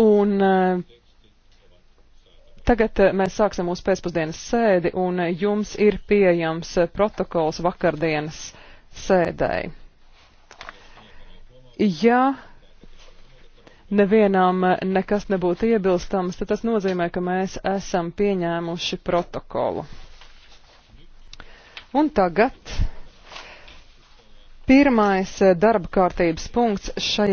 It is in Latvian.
Un eh, tagad eh, mēs sāksim mūsu pēcpusdienas sēdi, un eh, jums ir pieejams protokols vakardienas sēdēji. Ja nevienam nekas nebūtu iebilstams, tad tas nozīmē, ka mēs esam pieņēmuši protokolu. Un tagad Pirmais eh, darba kārtības punkts šajā